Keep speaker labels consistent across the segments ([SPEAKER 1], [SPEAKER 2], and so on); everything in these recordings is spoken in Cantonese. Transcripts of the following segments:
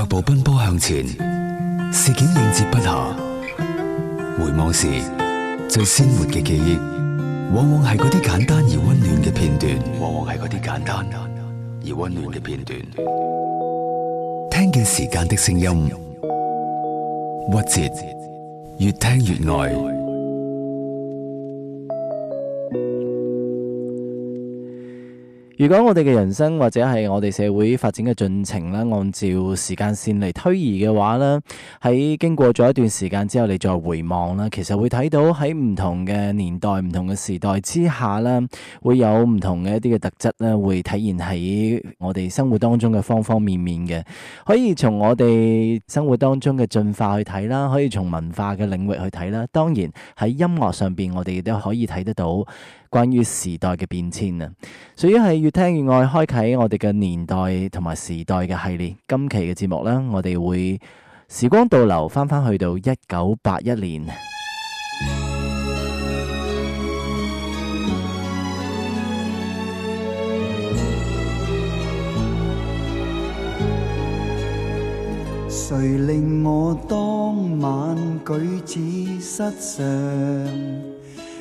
[SPEAKER 1] 腳步奔波向前，事件應接不暇。回望時，最鮮活嘅記憶，往往係嗰啲簡單而温暖嘅片段。往往係啲簡單而温暖嘅片段。聽見時間的聲音，曲折，越聽越愛。
[SPEAKER 2] 如果我哋嘅人生或者係我哋社會發展嘅進程啦，按照時間線嚟推移嘅話咧，喺經過咗一段時間之後，你再回望啦，其實會睇到喺唔同嘅年代、唔同嘅時代之下咧，會有唔同嘅一啲嘅特質咧，會體現喺我哋生活當中嘅方方面面嘅。可以從我哋生活當中嘅進化去睇啦，可以從文化嘅領域去睇啦。當然喺音樂上邊，我哋亦都可以睇得到。關於時代嘅變遷啊，所以係越聽越愛，開啟我哋嘅年代同埋時代嘅系列。今期嘅節目呢，我哋會時光倒流，翻返去到一九八一年。
[SPEAKER 3] 誰令我當晚舉止失常？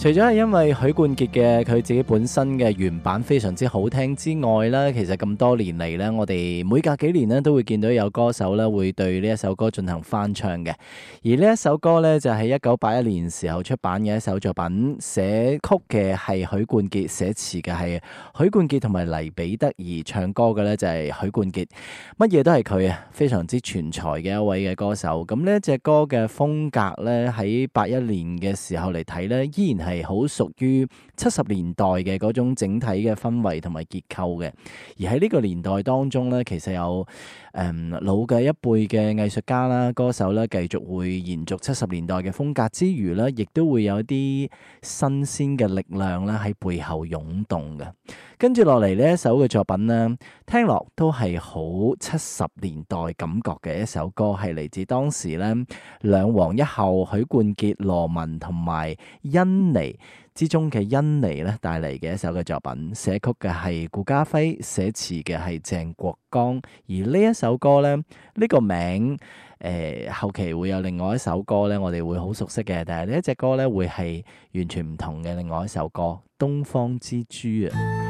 [SPEAKER 2] 除咗係因為許冠傑嘅佢自己本身嘅原版非常之好聽之外啦，其實咁多年嚟咧，我哋每隔幾年咧都會見到有歌手咧會對呢一首歌進行翻唱嘅。而呢一首歌咧就係一九八一年時候出版嘅一首作品，寫曲嘅係許冠傑，寫詞嘅係許冠傑同埋黎彼得，而唱歌嘅咧就係許冠傑，乜嘢都係佢啊，非常之全才嘅一位嘅歌手。咁呢隻歌嘅風格咧喺八一年嘅時候嚟睇咧，依然係。係好屬於七十年代嘅嗰種整體嘅氛圍同埋結構嘅，而喺呢個年代當中呢，其實有。誒、嗯，老嘅一輩嘅藝術家啦、歌手啦，繼續會延續七十年代嘅風格之餘咧，亦都會有啲新鮮嘅力量啦喺背後湧動嘅。跟住落嚟呢一首嘅作品呢，聽落都係好七十年代感覺嘅一首歌，係嚟自當時咧兩王一後許冠傑、羅文同埋甄妮。之中嘅恩妮咧帶嚟嘅一首嘅作品，寫曲嘅係顧嘉輝，寫詞嘅係鄭國江。而呢一首歌咧，呢、這個名誒、呃、後期會有另外一首歌咧，我哋會好熟悉嘅，但係呢一隻歌咧會係完全唔同嘅另外一首歌《東方之珠》啊。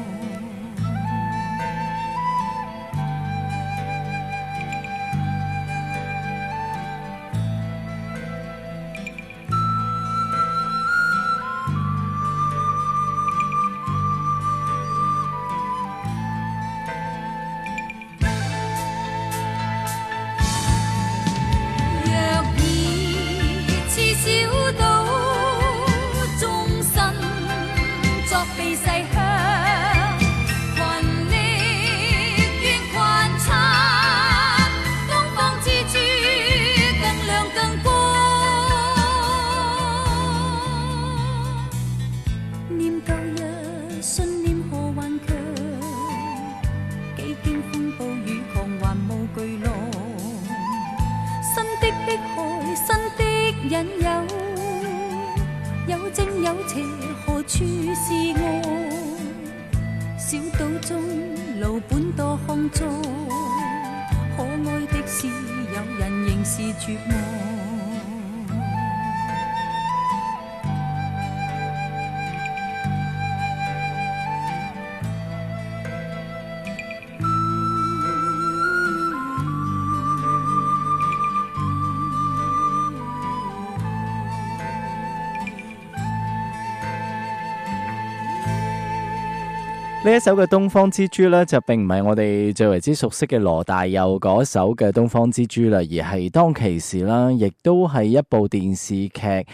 [SPEAKER 2] 呢一首嘅《東方之珠》咧，就並唔係我哋最為之熟悉嘅羅大佑嗰首嘅《東方之珠》啦，而係當其時啦，亦都係一部電視劇《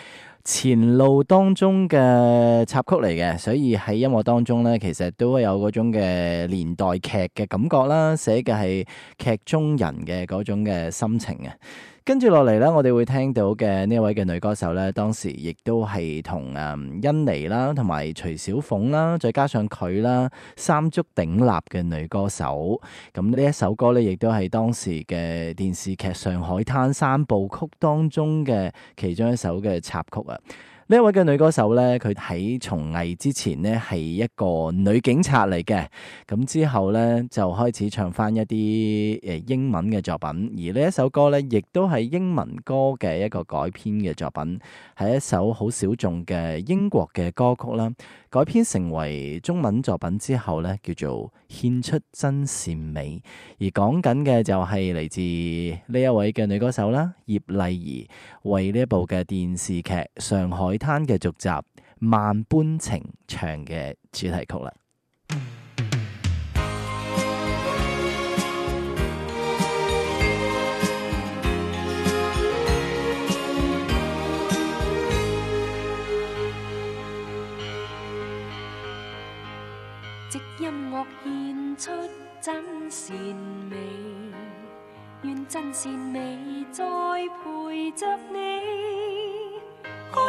[SPEAKER 2] 前路》當中嘅插曲嚟嘅，所以喺音樂當中咧，其實都有嗰種嘅年代劇嘅感覺啦，寫嘅係劇中人嘅嗰種嘅心情啊。跟住落嚟咧，我哋會聽到嘅呢一位嘅女歌手咧，當時亦都係同誒甄妮啦、同埋徐小鳳啦，再加上佢啦，三足鼎立嘅女歌手。咁呢一首歌咧，亦都係當時嘅電視劇《上海灘三部曲》當中嘅其中一首嘅插曲啊！呢一位嘅女歌手咧，佢喺從藝之前咧係一個女警察嚟嘅，咁之後咧就開始唱翻一啲誒英文嘅作品，而呢一首歌咧亦都係英文歌嘅一個改編嘅作品，係一首好小眾嘅英國嘅歌曲啦。改編成為中文作品之後咧，叫做獻出真善美，而講緊嘅就係嚟自呢一位嘅女歌手啦，葉麗儀為呢一部嘅電視劇《上海》。《灘》嘅續集《萬般情長》嘅主題曲啦。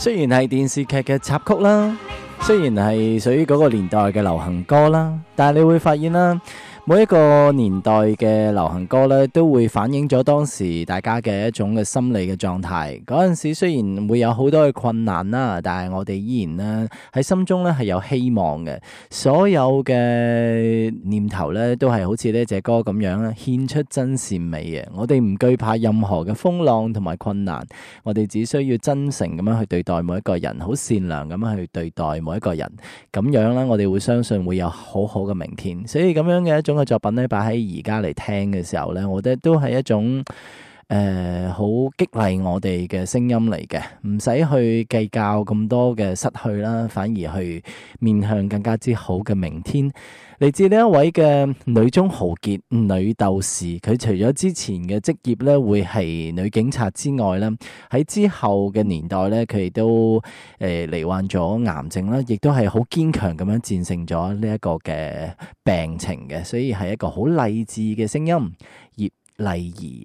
[SPEAKER 2] 雖然係電視劇嘅插曲啦，雖然係屬於嗰個年代嘅流行歌啦，但係你會發現啦。每一個年代嘅流行歌咧，都會反映咗當時大家嘅一種嘅心理嘅狀態。嗰陣時雖然會有好多嘅困難啦，但係我哋依然呢，喺心中呢係有希望嘅。所有嘅念頭呢，都係好似呢隻歌咁樣啊，獻出真善美嘅。我哋唔懼怕任何嘅風浪同埋困難，我哋只需要真誠咁樣去對待每一個人，好善良咁樣去對待每一個人，咁樣呢，我哋會相信會有好好嘅明天。所以咁樣嘅一種。作品咧，擺喺而家嚟聽嘅時候咧，我覺得都係一種。誒、呃、好激勵我哋嘅聲音嚟嘅，唔使去計較咁多嘅失去啦，反而去面向更加之好嘅明天。嚟自呢一位嘅女中豪傑、女鬥士，佢除咗之前嘅職業咧，會係女警察之外咧，喺之後嘅年代咧，佢亦都誒罹、呃、患咗癌症啦，亦都係好堅強咁樣戰勝咗呢一個嘅病情嘅，所以係一個好勵志嘅聲音。葉麗儀。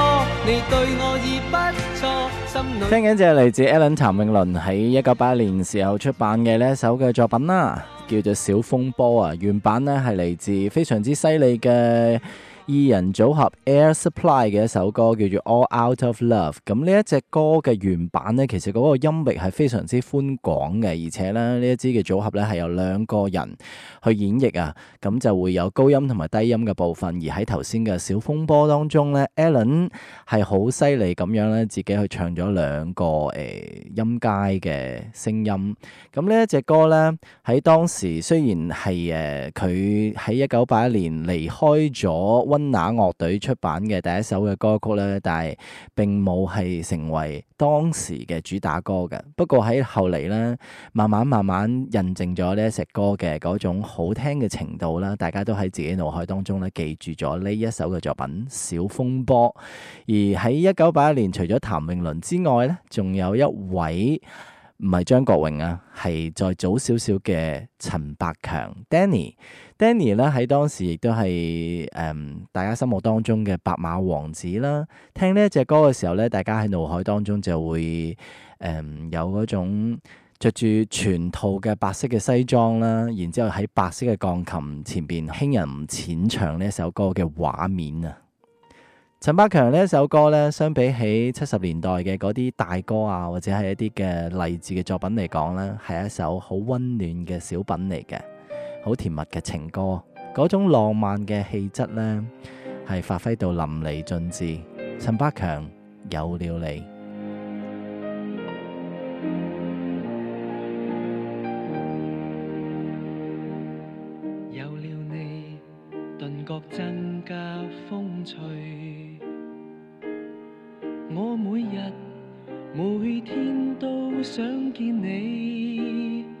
[SPEAKER 1] 你對我已不錯，聽緊
[SPEAKER 2] 就係嚟自 Alan 譚詠麟喺一九八一年時候出版嘅呢一首嘅作品啦，叫做《小風波》啊，原版呢係嚟自非常之犀利嘅。二人組合 Air Supply 嘅一首歌叫做《All Out of Love》。咁呢一隻歌嘅原版咧，其實個音域係非常之寬廣嘅，而且咧呢這一支嘅組合咧係有兩個人去演繹啊，咁就會有高音同埋低音嘅部分。而喺頭先嘅小風波當中咧，Alan 係好犀利咁樣咧自己去唱咗兩個誒、呃、音階嘅聲音。咁呢一隻歌咧喺當時雖然係誒佢喺一九八一年離開咗溫拿樂隊出版嘅第一首嘅歌曲咧，但係並冇係成為當時嘅主打歌嘅。不過喺後嚟咧，慢慢慢慢印證咗呢一首歌嘅嗰種好聽嘅程度啦，大家都喺自己腦海當中咧記住咗呢一首嘅作品《小風波》。而喺一九八一年，除咗譚詠麟之外咧，仲有一位唔係張國榮啊，係再早少少嘅陳百強 Danny。Danny 咧喺當時亦都係誒大家心目當中嘅白馬王子啦。聽呢一隻歌嘅時候咧，大家喺腦海當中就會誒、呃、有嗰種著住全套嘅白色嘅西裝啦，然之後喺白色嘅鋼琴前邊輕吟淺唱呢一首歌嘅畫面啊。陳百強呢一首歌咧，相比起七十年代嘅嗰啲大歌啊，或者係一啲嘅勵志嘅作品嚟講咧，係一首好温暖嘅小品嚟嘅。好甜蜜嘅情歌，嗰種浪漫嘅氣質呢，係發揮到淋漓盡致。陳百強，有了你，
[SPEAKER 1] 有了你，頓覺增加風趣。我每日每天都想見你。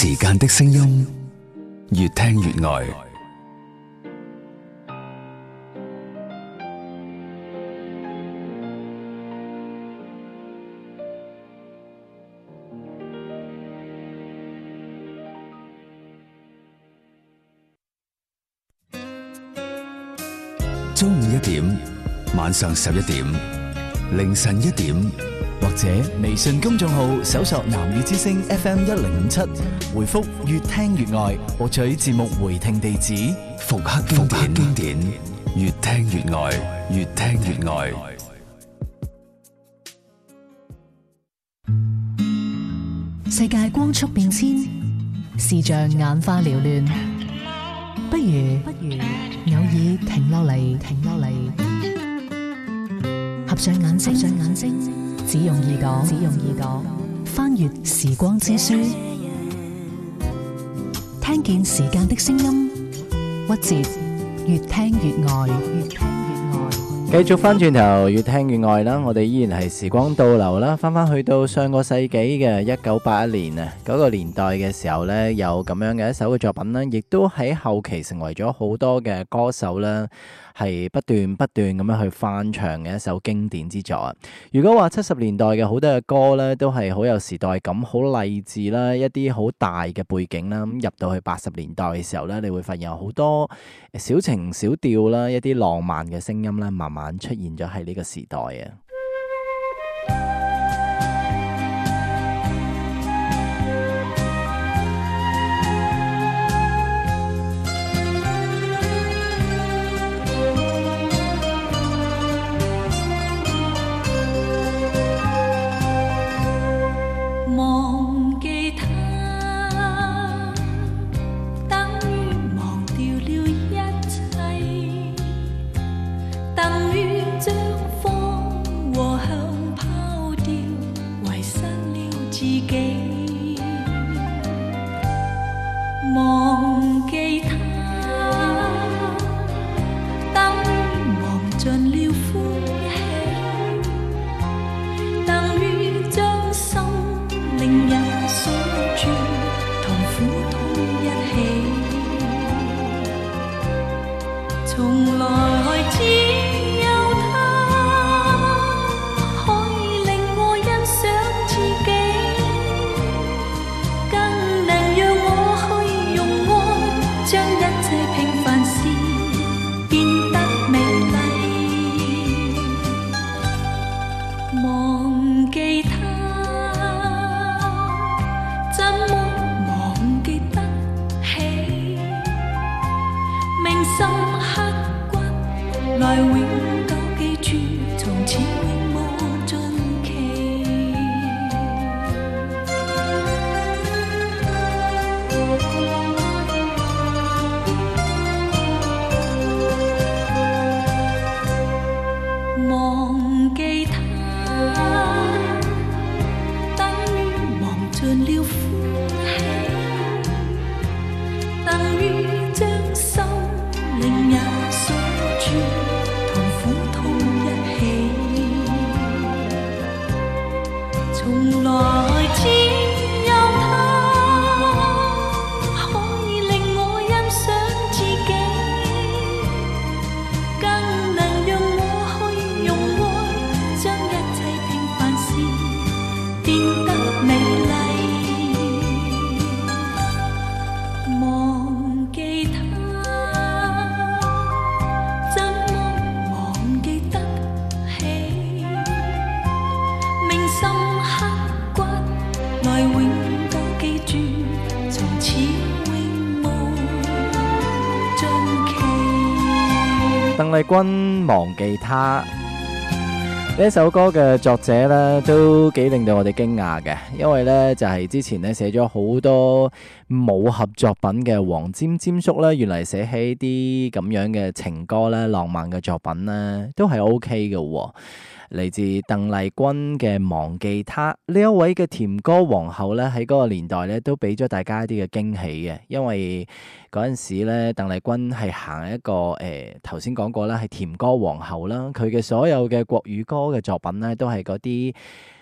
[SPEAKER 4] 時間嘅聲音，越聽越愛。
[SPEAKER 2] 中午一點，晚上十一點，凌晨一點。或者微信公眾號搜索《南粵之聲 FM 一零五七》，回覆“越聽越愛”獲取節目回聽地址，復刻經
[SPEAKER 1] 典，越聽越愛，越聽越愛。世界光速變遷，視像眼花繚亂，不如不如偶爾停落嚟，停落嚟，合上眼睛，合上眼睛。只用耳朵，只用耳朵翻閱時光之書，聽見時間的聲音，屈折越聽越愛，越聽越愛。
[SPEAKER 2] 繼續翻轉頭，越聽越愛啦！我哋依然係時光倒流啦，翻翻去到上個世紀嘅一九八一年啊，嗰個年代嘅時候呢，有咁樣嘅一首嘅作品啦，亦都喺後期成為咗好多嘅歌手啦。係不斷不斷咁樣去翻唱嘅一首經典之作啊！如果話七十年代嘅好多嘅歌咧，都係好有時代感、好勵志啦，一啲好大嘅背景啦，咁入到去八十年代嘅時候咧，你會發現好多小情小調啦，一啲浪漫嘅聲音咧，慢慢出現咗喺呢個時代啊！忘記他呢首歌嘅作者呢，都幾令到我哋驚訝嘅，因為呢就係、是、之前呢寫咗好多武俠作品嘅黃沾沾叔咧，原來寫起啲咁樣嘅情歌咧，浪漫嘅作品呢，都係 O K 嘅。嚟自鄧麗君嘅《忘記他》，呢一位嘅甜歌皇后咧，喺嗰個年代咧都俾咗大家一啲嘅驚喜嘅，因為嗰陣時咧鄧麗君係行一個誒頭先講過啦，係甜歌皇后啦，佢嘅所有嘅國語歌嘅作品咧都係嗰啲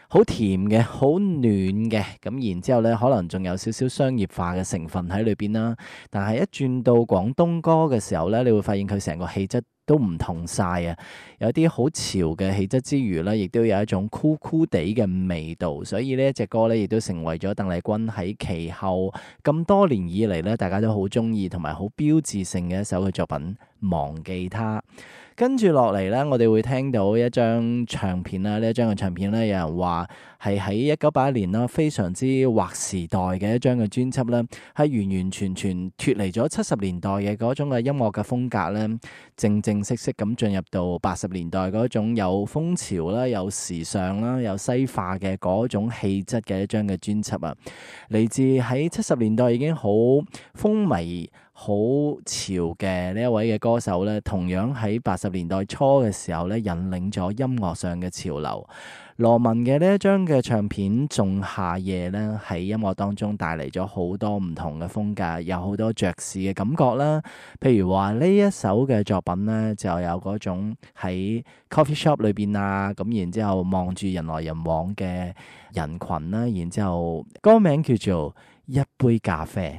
[SPEAKER 2] 好甜嘅、好暖嘅，咁然之後咧可能仲有少少商業化嘅成分喺裏邊啦，但係一轉到廣東歌嘅時候咧，你會發現佢成個氣質。都唔同晒啊！有啲好潮嘅氣質之餘咧，亦都有一種酷酷地嘅味道，所以呢一隻歌咧，亦都成為咗鄧麗君喺其後咁多年以嚟咧，大家都好中意同埋好標誌性嘅一首嘅作品《忘記他》。跟住落嚟咧，我哋會聽到一張唱片啦，呢一張嘅唱片咧，有人話係喺一九八一年啦，非常之劃時代嘅一張嘅專輯啦，係完完全全脫離咗七十年代嘅嗰種嘅音樂嘅風格咧，正正。正正式式咁進入到八十年代嗰種有風潮啦、有時尚啦、有西化嘅嗰種氣質嘅一張嘅專輯啊，嚟自喺七十年代已經好風靡、好潮嘅呢一位嘅歌手咧，同樣喺八十年代初嘅時候咧，引領咗音樂上嘅潮流。羅文嘅呢一張嘅唱片《仲夏夜》咧，喺音樂當中帶嚟咗好多唔同嘅風格，有好多爵士嘅感覺啦。譬如話呢一首嘅作品咧，就有嗰種喺 coffee shop 裏邊啊，咁然之後望住人來人往嘅人群啦，然之後歌名叫做《一杯咖啡》。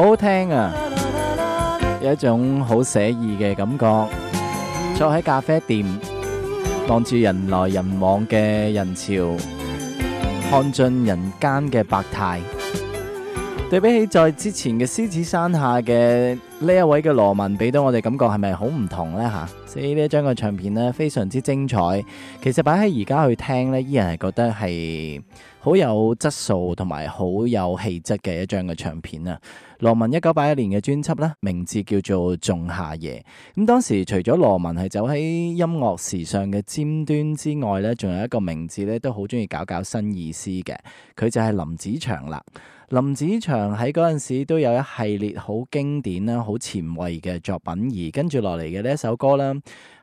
[SPEAKER 2] 好好聽啊，有一種好寫意嘅感覺，坐喺咖啡店，望住人來人往嘅人潮，看盡人間嘅百態。對比起在之前嘅獅子山下嘅呢一位嘅羅文，俾到我哋感覺係咪好唔同呢？吓？所以呢一張嘅唱片呢，非常之精彩，其實擺喺而家去聽呢，依然係覺得係好有質素同埋好有氣質嘅一張嘅唱片啦。羅文一九八一年嘅專輯呢，名字叫做《仲夏夜》。咁當時除咗羅文係走喺音樂時尚嘅尖端之外呢，仲有一個名字呢，都好中意搞搞新意思嘅，佢就係林子祥啦。林子祥喺嗰陣時都有一系列好經典啦、好前衛嘅作品，而跟住落嚟嘅呢一首歌啦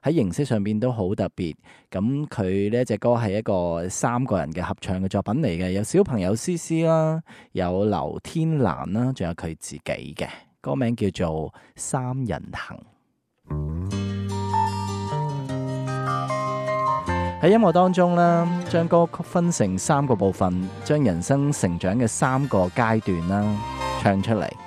[SPEAKER 2] 喺形式上面都好特別，咁佢呢一隻歌係一個三個人嘅合唱嘅作品嚟嘅，有小朋友詩詩啦，有劉天蘭啦，仲有佢自己嘅歌名叫做《三人行》。喺音樂當中呢，將歌曲分成三個部分，將人生成長嘅三個階段啦唱出嚟。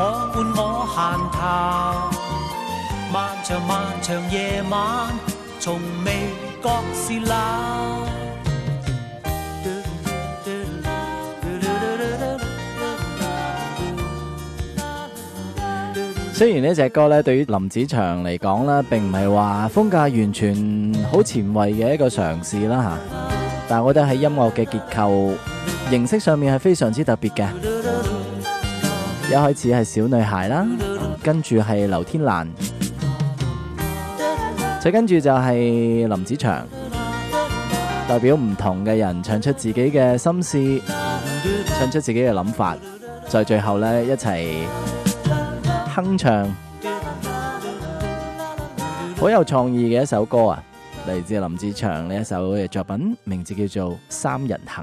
[SPEAKER 1] 相伴我閒談，漫長漫長夜晚，從未覺，
[SPEAKER 2] 雖然呢隻歌咧，對於林子祥嚟講咧，並唔係話風格完全好前衛嘅一個嘗試啦吓，但係我覺得喺音樂嘅結構形式上面係非常之特別嘅。一開始係小女孩啦，跟住係劉天蘭，再跟住就係林子祥，代表唔同嘅人唱出自己嘅心思，唱出自己嘅諗法，再最後咧一齊哼唱，好有創意嘅一首歌啊，嚟自林子祥呢一首嘅作品，名字叫做《三人行》。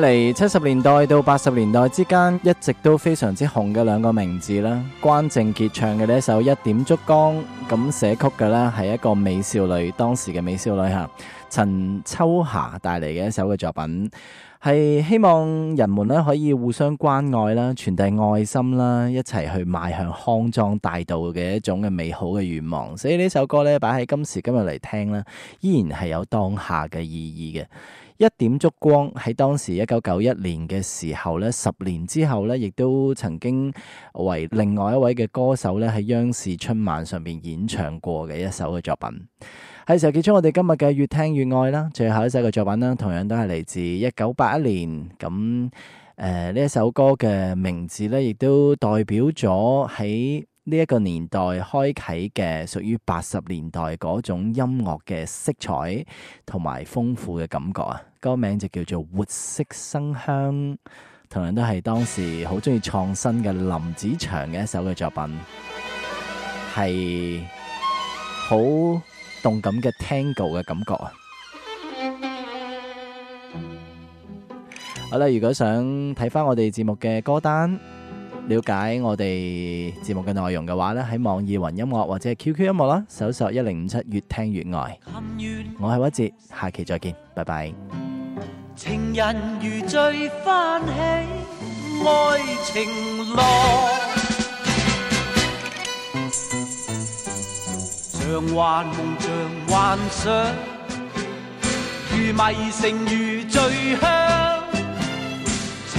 [SPEAKER 2] 嚟七十年代到八十年代之間，一直都非常之紅嘅兩個名字啦。關正傑唱嘅呢一首《一點燭光》，咁寫曲嘅咧係一個美少女，當時嘅美少女吓，陳秋霞帶嚟嘅一首嘅作品，係希望人們咧可以互相關愛啦，傳遞愛心啦，一齊去邁向康莊大道嘅一種嘅美好嘅願望。所以呢首歌咧擺喺今時今日嚟聽啦，依然係有當下嘅意義嘅。一點燭光喺當時一九九一年嘅時候咧，十年之後咧，亦都曾經為另外一位嘅歌手咧喺央視春晚上邊演唱過嘅一首嘅作品。係時候結束我哋今日嘅越聽越愛啦，最後一首嘅作品啦，同樣都係嚟自一九八一年。咁誒呢一首歌嘅名字咧，亦都代表咗喺。呢、這、一個年代開啟嘅屬於八十年代嗰種音樂嘅色彩同埋豐富嘅感覺啊，歌名就叫做活色生香，同樣都係當時好中意創新嘅林子祥嘅一首嘅作品，係好動感嘅 tango 嘅感覺啊！好啦，如果想睇翻我哋節目嘅歌單。了解我哋節目嘅內容嘅話呢，喺網易雲音樂或者係 QQ 音樂啦，搜索一零五七越聽越愛。我係屈哲，下期再見，拜拜。
[SPEAKER 1] 情人如醉，翻起愛情浪，像幻夢，像幻想，如迷城，如醉鄉。